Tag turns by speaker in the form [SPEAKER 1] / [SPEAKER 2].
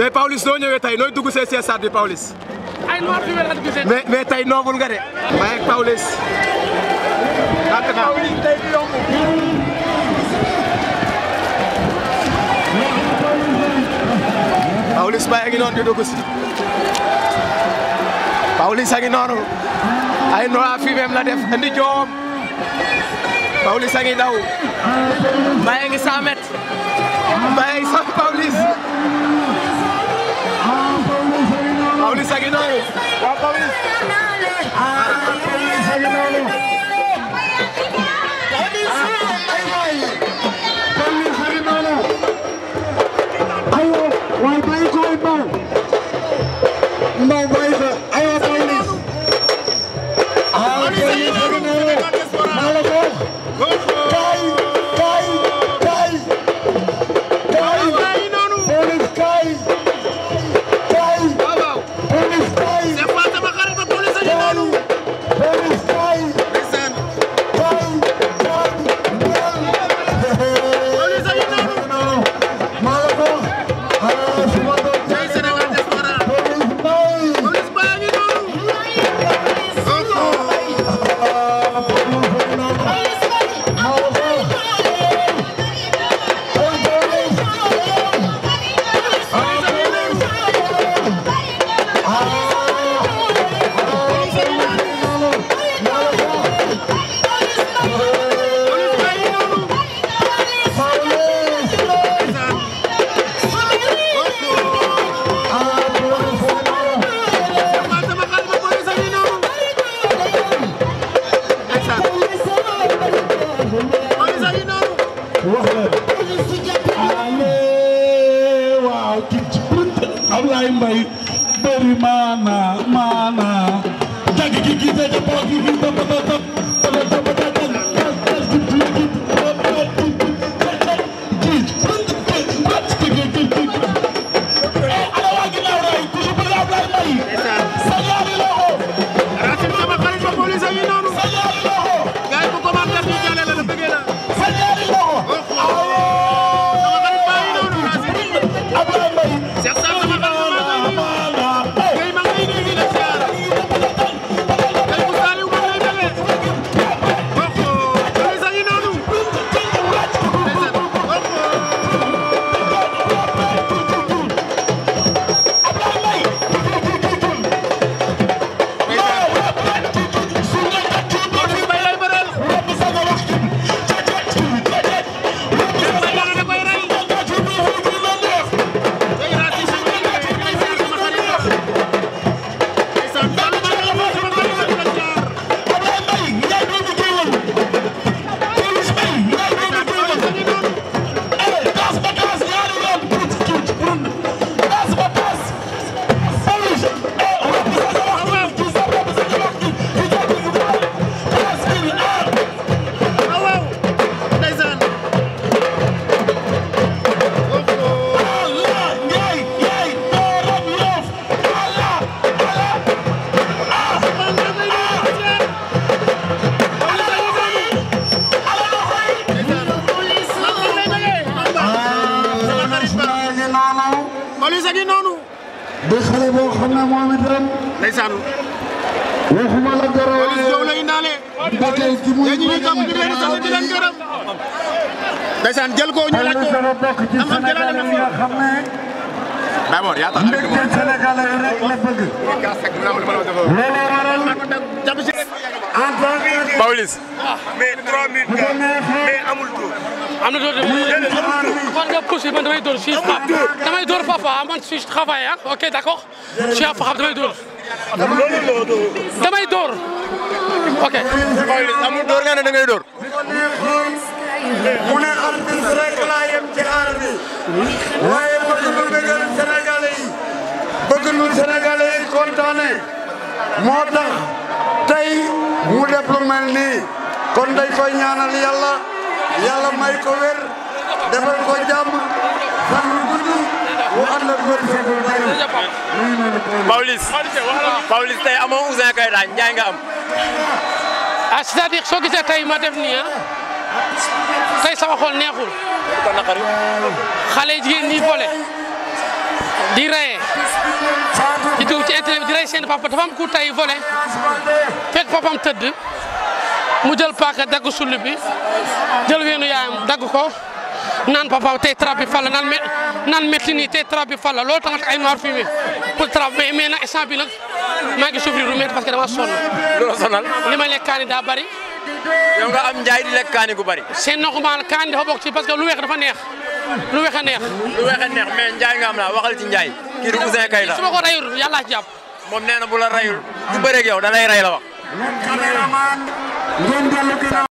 [SPEAKER 1] mais Pawlish noo ñëwee tey nooy dugg see see stade bi Pawlish. ay noor fi tey noobul nga de. waaye ak Pawlish. naa Pawlish tey du yomb. Pawlish a ngi noonu di dugg si Pawlish a ngi noonu ay noa fi même la def andi joom Pawlish a ngi daw Mbaye ngi 100 ngi noonu wax la ale waaw kicc Ablaye Mbaye bëri maana maana dagg gi gi te jàppoo gi gi a ngi noonu. di xale boo xam ne moom itam. ndeysaan. waxuma la dara waaye yow lay naale. ba tey ji muy ñu ngi topp di leen sant di leen gërëm. ndeysaan jël ko ñu laaj ko am am jëlaat na fi. d'abord yaa tax rek la bëgg. Pawlish. Ah. mais 3 minutes mais amul tur. am na tur damay dóor je suis damay dóor papa ah, man je travaille ah ok d' accord je suis Pape damay dóor. damay dóor. ok. amul dóor nga ne da ngay dóor. mu ne artiste rek laa yem ci aar bi waaye bëgg lu bëggal Sénégalais yi bëgg lu Sénégalais yi kontaane moo tax tey mu def lu mel nii kon dañ koy ñaanal yàlla yàlla may ko wér. defal ko jàmm fan yu gudd mu ànd ak góor nga am. a ah, c'est-à-dire soo gisee tey ma def nii ah tey sama xol neexul. xale jigéen ñi boole di rey di dugg ci internet di rey seen papa dafa am ku tay volé fekk papam tëdd mu jël paaka dagg sulli bi jël weenu yaayam dagg ko naan papa tey trap bi falla naan naan métti nii tey trap bi falla loolu tax ay noir fumier pour trap mais mais nag instant bi nag maa ngi souffrir lu métti parce que dama sonn. loolu sonal li may lekk kaani daa bari. yow nga am njaay di lekk kaani gu bari. c'est normal kaani dafa bokk ci parce que lu weex dafa neex lu weex a neex. lu neex mais njaay nga am la waxal ci njaay. kii du Ouzin Keita su ma ko rayul yàlla jàpp. moom nee na bu la rayul du bëreeg yow da lay ray la wax.